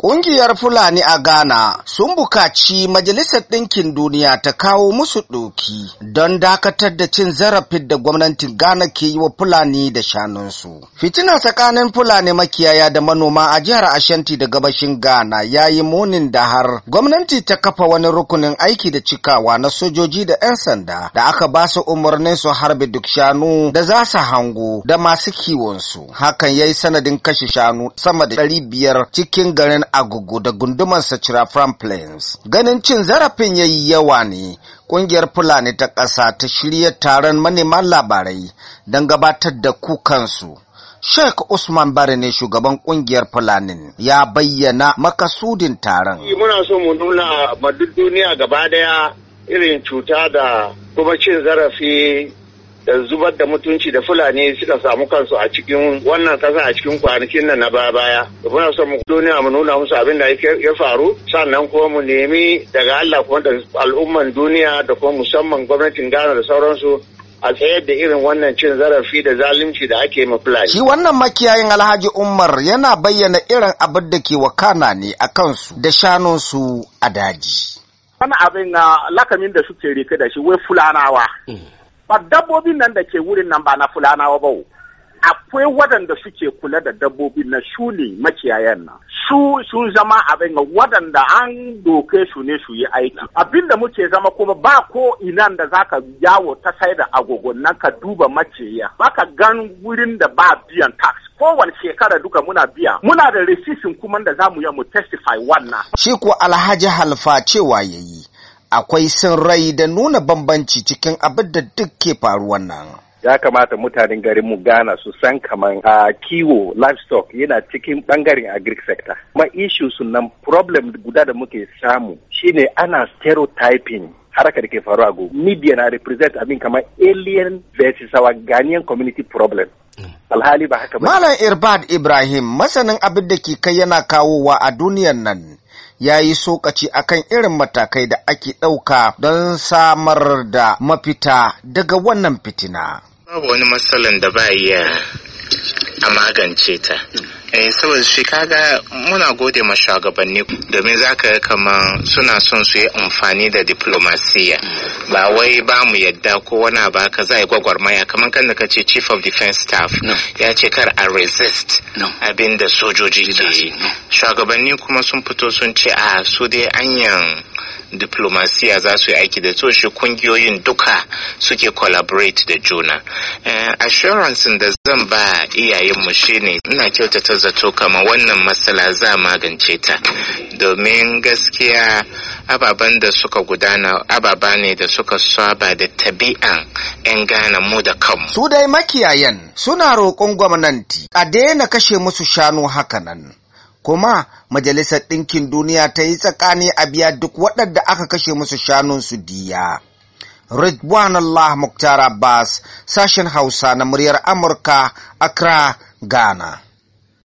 Ƙungiyar Fulani a Ghana sun bukaci Majalisar Ɗinkin Duniya ta kawo musu ɗoki don dakatar da cin zarafin da gwamnatin Ghana ke yi wa Fulani da shanunsu. Fitina tsakanin Fulani makiyaya da manoma a jihar Ashanti da gabashin Ghana ya yi munin da har gwamnati ta kafa wani rukunin aiki da cikawa na sojoji da 'yan sanda da aka ba su umarnin su harbe duk shanu da za su hango da masu kiwonsu. Hakan ya yi sanadin kashe shanu sama da ɗari biyar cikin garin agugu da gundumar sa Plains. Ganin cin zarafin ya yi yawa ne, ƙungiyar Fulani ta ƙasa ta shirya taron manema labarai don gabatar da kukansu. Sheikh Usman Bari ne shugaban kungiyar Fulanin ya bayyana makasudin taron. Muna so mu nuna ma duniya gaba daya irin cuta da kuma cin zarafi da zubar da mutunci da fulani suka samu kansu a cikin wannan kasa a cikin kwanakin nan na baya baya muna son mu duniya mu nuna musu abin da ya faru sannan kuma mu nemi daga Allah kuma da al'umman duniya da kuma musamman gwamnatin Ghana da sauransu a tsayar da irin wannan cin zarafi da zalunci da ake ma Fulani. Shi wannan makiyayin Alhaji Umar yana bayyana irin abin da ke wakana ne a kansu da shanunsu a daji. Wani abin na lakamin da suke rike da shi wai Fulanawa. Hmm. ba dabbobin nan da ke wurin nan ba na fulanawa ba akwai waɗanda suke kula da dabbobi na su ne nan su sun zama abin waɗanda an doke su ne su yi aiki abin da muke zama kuma ba ko inan da zaka yawo ta sai da agogon nan ka duba maciya baka gan wurin da ba biyan tax kowane shekara duka muna biya muna da resisin kuma da zamu yi mu testify wannan shi ko alhaji halfa cewa yayi akwai sin rai da nuna bambanci cikin abin da duk ke faruwan nan. ya kamata mutanen garin mu Ghana su san kaman a kiwo livestock yana cikin bangaren agric sector. Kuma issues nan problem guda da muke samu shine ana stereotyping harkar da ke a go media na represent abin kamar alien versus our Ghanaian community problem. Hmm. Alhali ba haka ba. Malam Irbad Ibrahim masanin abin da ke kai yana kawowa a duniyar nan ya yi sokaci akan irin matakai da ake ɗauka don samar da mafita daga wannan fitina. Babu wani matsalan da ba iya a magance ta eh saboda shi kaga muna gode ma shugabanni domin za ka kaman suna son su yi amfani da diplomasiya ba wai ba mu yadda ko wani ba ka za yi gwagwarmaya kamar kan da ka ce chief of defense staff ya ce kar a resist abin da sojoji ke yi shugabanni kuma sun fito sun ce a ah, su dai anyan diplomasiya za su yi aiki da so shi kungiyoyin duka suke collaborate da juna eh, assurance da zan ba iyayenmu shine ina kyautata zato kama wannan matsala za magance ta domin gaskiya ababen da suka gudana ababa ne da suka saba da tabi'an 'yan gane mu da kanmu su dai makiyayan suna roƙon gwamnati a daina kashe musu shanu nan. kuma majalisar ɗinkin duniya ta yi tsakani a biya duk waɗanda aka kashe musu shanunsu diya. Ridwan Allah Muktar Abbas, sashen Hausa na muryar Amurka, Accra, Ghana.